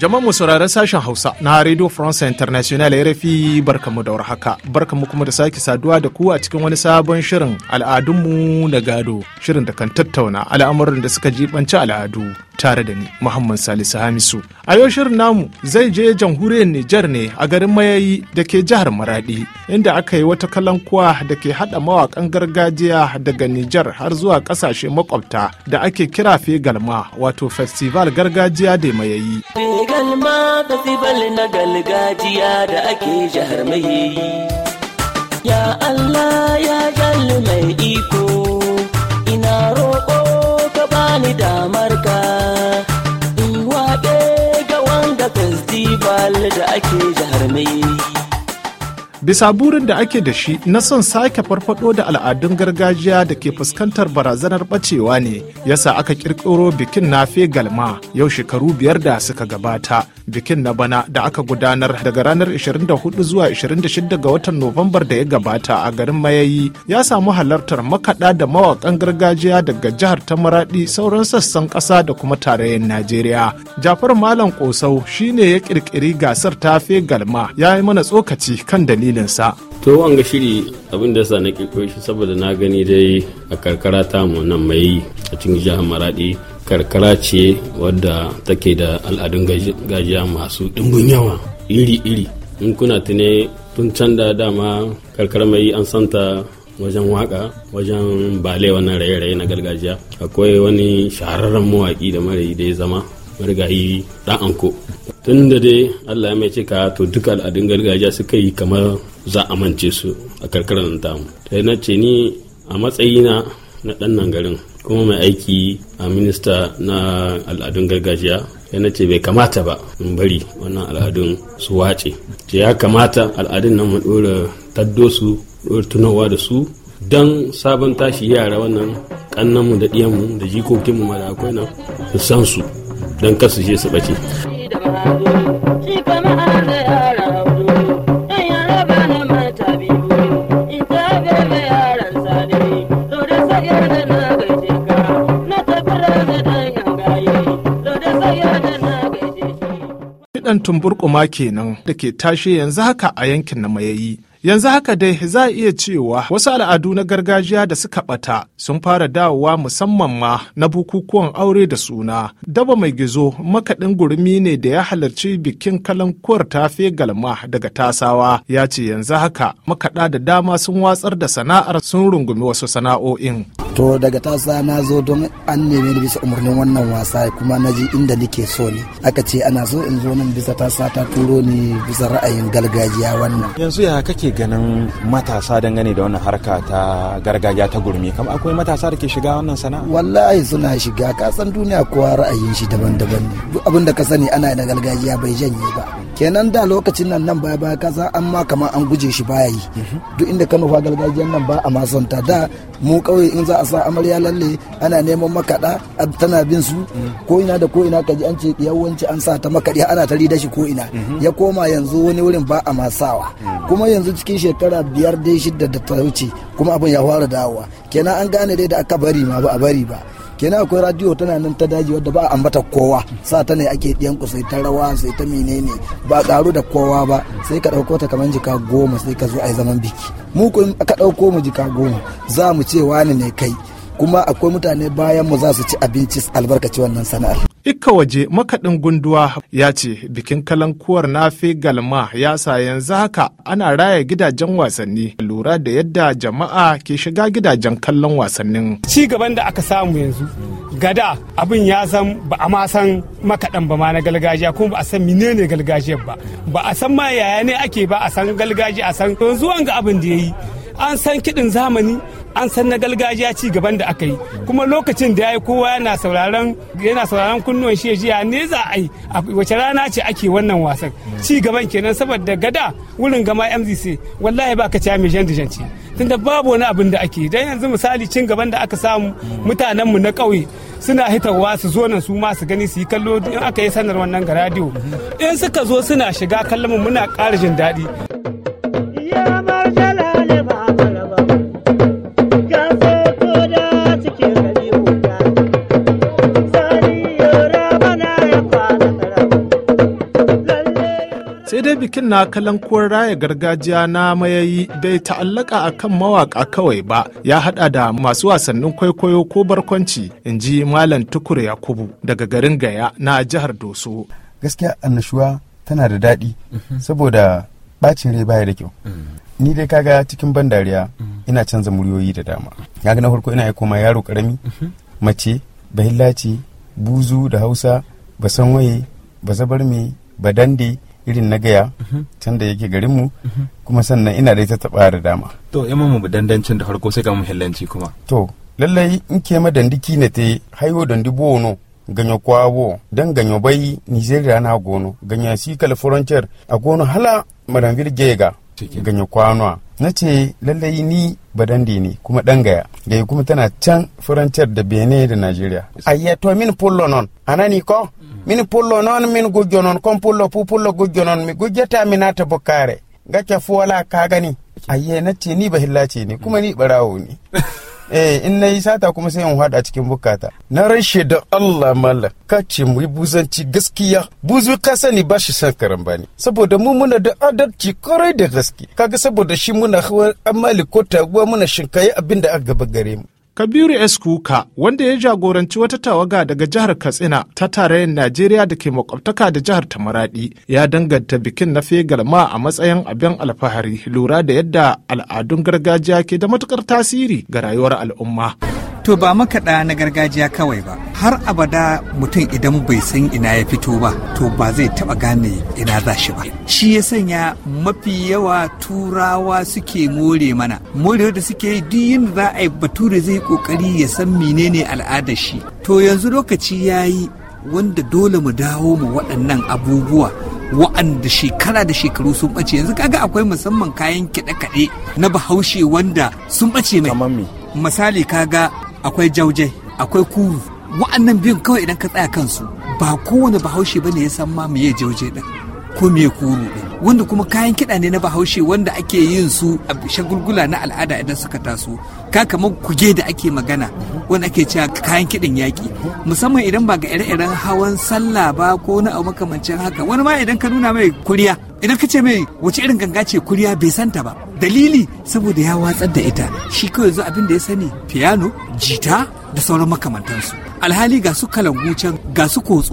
Jama'a mu saurari sashen Hausa na Radio France International RFI barkamu da warhaka. Barkamu kuma da sake saduwa da ku a cikin wani sabon shirin al'adunmu na gado, shirin da kan tattauna al'amuran da suka jibanci al'adu. tare da ni Muhammad Salisu Hamisu. A yau shirin namu zai je jamhuriyar Nijar ne a garin Mayayi da ke jihar Maradi inda aka yi wata kalankuwa da ke haɗa mawakan gargajiya daga Nijar har zuwa ƙasashe makwabta da ake kira galma wato Festival Gargajiya da Mayayi. Fegalma festival na gargajiya da ake jihar Mayayi. Ya Allah ya mai iko ina bani damar ka in ga wanda festival da ake jihar mai bisa burin da ake da shi na son sake farfado da al'adun gargajiya da ke fuskantar barazanar bacewa ne yasa aka kirkiro bikin nafe galma yau shekaru biyar da suka gabata bikin na bana da aka gudanar daga ranar 24 zuwa 26 ga watan Nuwambar da ya gabata a garin Mayayi ya samu halartar makaɗa da mawakan gargajiya daga jihar ta Maraɗi sauran sassan ƙasa da kuma tarayyar Najeriya. Jafar Malam Ƙosau ne ya ƙirƙiri gasar tafe galma ya yi mana tsokaci kan dalilinsa. To wanga shiri abin da sa na ƙirƙiro shi saboda na gani dai a karkara tamu nan mai a cikin jihar Maraɗi karkara ce wadda take da al'adun gajiya masu ɗimbin yawa iri-iri in kuna tune tun can da dama karkara mai an santa wajen waka wajen bale wannan raye-raye na gargajiya akwai wani shahararren mawaki da mara da ya zama marigayi ɗan anko tun da dai allah ya mai cika to duka al'adun gargajiya suka yi kamar za a mance su a karkarar tamu ta na ni a matsayina na ɗan nan garin kuma mai aiki a minista na al'adun gargajiya yana ce bai kamata ba in bari wannan al'adun su wace ce ya kamata al'adun nan mu dora taddo su dora tunawa da su don sabon tashi yara wannan kannanmu da ɗiyanmu da jikokinmu ma da akwai nan su san su don kasu je su ɓace. batun burkuma kenan da ke tashe yanzu haka a yankin na mayayi Yanzu haka dai za a iya cewa wasu al'adu na gargajiya da suka ɓata sun fara dawowa musamman ma na bukukuwan aure da suna. Daba mai gizo makaɗin gurmi ne da ya halarci bikin kalankuwar tafe galma daga tasawa ya ce yanzu haka makaɗa da dama sun watsar da sana'ar sun rungumi wasu sana'o'in. To daga tasa na zo don an neme ni bisa umarnin wannan wasa kuma na ji inda nike so ne. Aka ce ana so in zo nan bisa tasa ta turo ni bisa ra'ayin gargajiya wannan. Yanzu ya kake ganin matasa dangane da wannan harka ta gargajiya ta gurmi kamar akwai matasa da ke shiga wannan sana'a wallahi suna shiga ka san duniya kowa ra'ayin shi daban-daban ne duk abin da ka sani ana yana gargajiya bai janye ba kenan da lokacin nan nan baya baya ka san an ma kamar an guje shi baya yi duk inda ka nufa gargajiyan nan ba a ma son ta da mu kawai in za a sa amarya lalle ana neman makaɗa tana bin su ko ina da ko ina ka ji an ce yawanci an sa ta makaɗi ana ta da shi ko ina ya koma yanzu wani wurin ba a masawa kuma yanzu cikin shekara biyar dai shidda da ta wuce kuma abin ya fara dawowa kenan an gane dai da aka bari ma ba a bari ba kenan akwai radiyo tana nan ta daji wadda ba a ambata kowa sa ta ne ake ku sai ta rawa sai ta menene ba a karu da kowa ba sai ka ɗauko ta kamar jika goma sai ka zo a yi zaman biki mu kun aka ɗauko mu jika goma za mu ce wani ne kai kuma akwai mutane bayan mu za su ci abinci albarkaci wannan sana'ar ika waje makaɗin gunduwa ya ce bikin kalankuwar nafe galma ya sa yanzu haka ana raya gidajen wasanni lura da yadda jama'a ke shiga gidajen kallon wasannin. Ci gaban da aka samu yanzu gada abin ya zan ba a ma makaɗan ba ma na galgajiya kuma ba a san mine ne galgajiyar ba ba a san ma yaya ne ake ba a san galgajiya a san yanzu wanga ga abin da ya yi an san kiɗin zamani an san na gargajiya ci gaban da aka yi kuma lokacin da ya yi kowa yana sauraron yana sauraron kunnuwan shi jiya ne za a yi wace rana ce ake wannan wasan ci gaban kenan saboda gada wurin gama mzc wallahi ba ka ci mai jan da tunda babu wani abin da ake dan yanzu misali cin gaban da aka samu mutanenmu na ƙauye suna hitarwa su zo nan su ma su gani su yi kallo in aka yi sanar wannan ga radio in suka zo suna shiga kallon muna ƙara jin daɗi daidai bikin na kalankuwar raya gargajiya na mayayi bai ta'allaka a kan mawaka kawai ba ya hada da masu wasannin kwaikwayo ko barkwanci in ji malam tukur yakubu daga garin gaya na jihar doso gaskiya annashuwa tana da daɗi saboda bacin rai baya da kyau mm. ni dai kaga cikin ban dariya mm. ina canza muryoyi da dama ya na farko ina aiko ma yaro karami mm-hmm. mace bahillaci buzu da hausa ba me ba dande. irin na gaya can da yake garinmu kuma sannan ina da ita taɓa da dama to yamma mu dandancin da farko sai mu muhimmanci kuma to lallai in ke ma dandiki ne te hayo dandi bono ganyo kwabo dan ganyo bai nigeria na gono ganyo si kal frontier a gono hala madan virgega ganyo kwano na ce lallai ni badandi ne kuma dan gaya gaya kuma tana can frontier da benin da nigeria ayya to min pullo non anani ko min pullo noon min gujjo noon kon pullo fu pullo gujjo noon mi gujjata mi naata bokkaare gacca fu wala kagani ayye natti ni ba hillace ni kuma ni barawo ne eh in nayi sata kuma sai in hada cikin bukata na rashe da Allah mala kace mu buzanci gaskiya buzu ka sani ba shi san karan bani saboda mu muna da adalci kwarai da gaske kaga saboda shi muna amali ko taguwa muna shinkaye abinda aka gaba gare mu Kabiru eskuka wanda ya jagoranci wata tawaga daga jihar Katsina ta tarayyar Najeriya da ke makwabtaka da jihar Tamaradi ya danganta bikin na Fegalma a matsayin abin alfahari lura da yadda al'adun gargajiya ke da matukar tasiri ga rayuwar al'umma. To ba makaɗa na gargajiya kawai ba har abada mutum idan bai san ina ya fito ba to ba zai taba gane ina za shi ba shi ya sanya mafi yawa turawa suke more mana more da suke duk yadda za a yi bature zai kokari ya san menene al'adar shi to yanzu lokaci ya yi wanda dole mu dawo mu waɗannan abubuwa wa'anda shekara da shekaru sun ɓace yanzu kaga akwai musamman kayan kiɗe-kaɗe na bahaushe wanda sun ɓace mai misali kaga akwai jauje akwai kuru wa'annan biyun kawai idan ka tsaya kansu ba kowane bahaushe ba ne ya san ma meye jauje ɗin ko meye kuru ɗin wanda kuma kayan kiɗa ne na bahaushe wanda ake yin su a shagulgula na al'ada idan suka taso ka kamar kuge da ake magana wanda ake cewa kayan kiɗin yaƙi musamman idan ba ga ire-iren hawan sallah ba ko na abu makamancin haka wani ma idan ka nuna mai kuriya idan ka ce mai wace irin ganga ce kuriya bai santa ba dalili saboda ya watsar da ita shi kawai yanzu abin da ya sani piano jita da sauran makamantansu alhali ga su kalangu can ga su kotso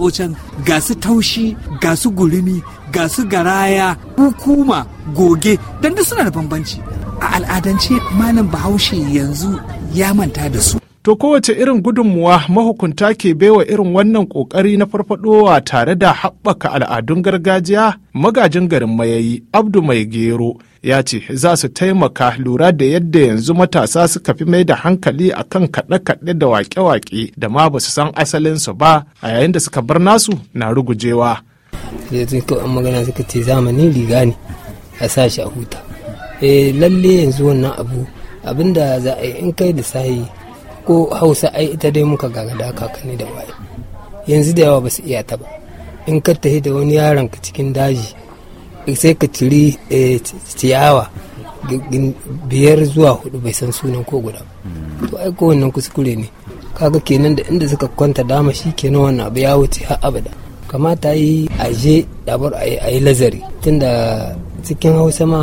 ga su taushi ga su gurumi ga su garaya hukuma goge don duk suna da bambanci a al'adance malam bahaushe yanzu ya manta da su To kowace irin gudunmuwa mahukunta ke baiwa irin wannan kokari na farfadowa tare da haɓaka al'adun gargajiya magajin garin mayayi Abdu Mai Gero ya ce za su taimaka lura da yadda yanzu matasa suka fi mai da hankali a kan kaɗe-kaɗe da waƙe-waƙe da ma ba su san asalinsu ba a yayin da suka bar nasu na rugujewa. Yanzu kawai magana suka ce zamanin riga ne a sa shi a huta. Eh lalle yanzu wannan abu abinda za a yi in kai da sahi ko hausa ai ita dai muka gagada kakanni da waye yanzu da yawa basu iya ta ba in ka tafi da wani yaron ka cikin daji sai ka ciri eh, ciyawa biyar zuwa hudu bai san sunan ko guda to ai ko wannan kuskure ne kaga kenan da inda suka kwanta dama shi kenan wannan abu ya wuce har abada kamata yi aje dabar a yi lazari tunda cikin hausa ma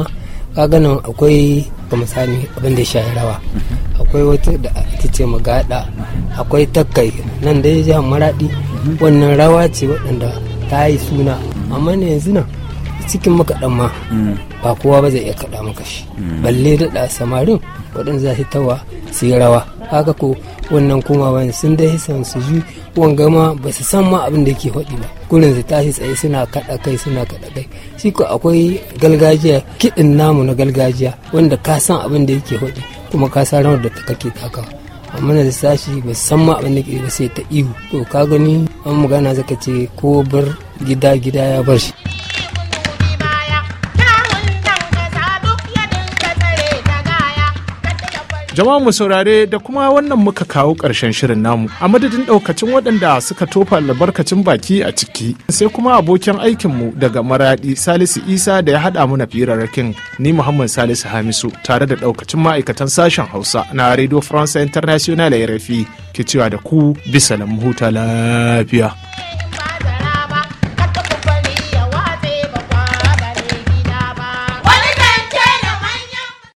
kaga nan akwai ga misali abin da ya shahi rawa akwai wata da ake ce magada akwai takai nan da ya maradi wannan rawa ce waɗanda ta yi suna amma ne yanzu nan cikin makaɗan ma ba kowa ba zai iya kaɗa maka shi balle daɗa samarin waɗanda za su tawa su yi rawa haka ko wannan kuma wani sun dai san su ji wanga ma ba su san ma abin da ke faɗi ba gurin su tashi tsaye suna kaɗa kai suna kaɗa kai shi ko akwai galgajiya kiɗin namu na galgajiya wanda ka san abin da yake faɗi kuma ka sa rawar da ta kake taka amma da sashi ba san ma abin da ke ba sai ta ihu to ka gani an magana zaka ce ko bar gida gida ya bar shi Jama'a mu saurare da kuma wannan muka kawo ƙarshen shirin namu a madadin ɗaukacin waɗanda suka tofa albarkacin baki a ciki sai kuma abokin aikinmu daga maraɗi Salisu Isa da ya haɗa mana firarrakin ni Muhammad Salisu Hamisu tare da ɗaukacin ma'aikatan sashen Hausa na Radio France International ya rafi ke cewa da ku bisa huta lafiya.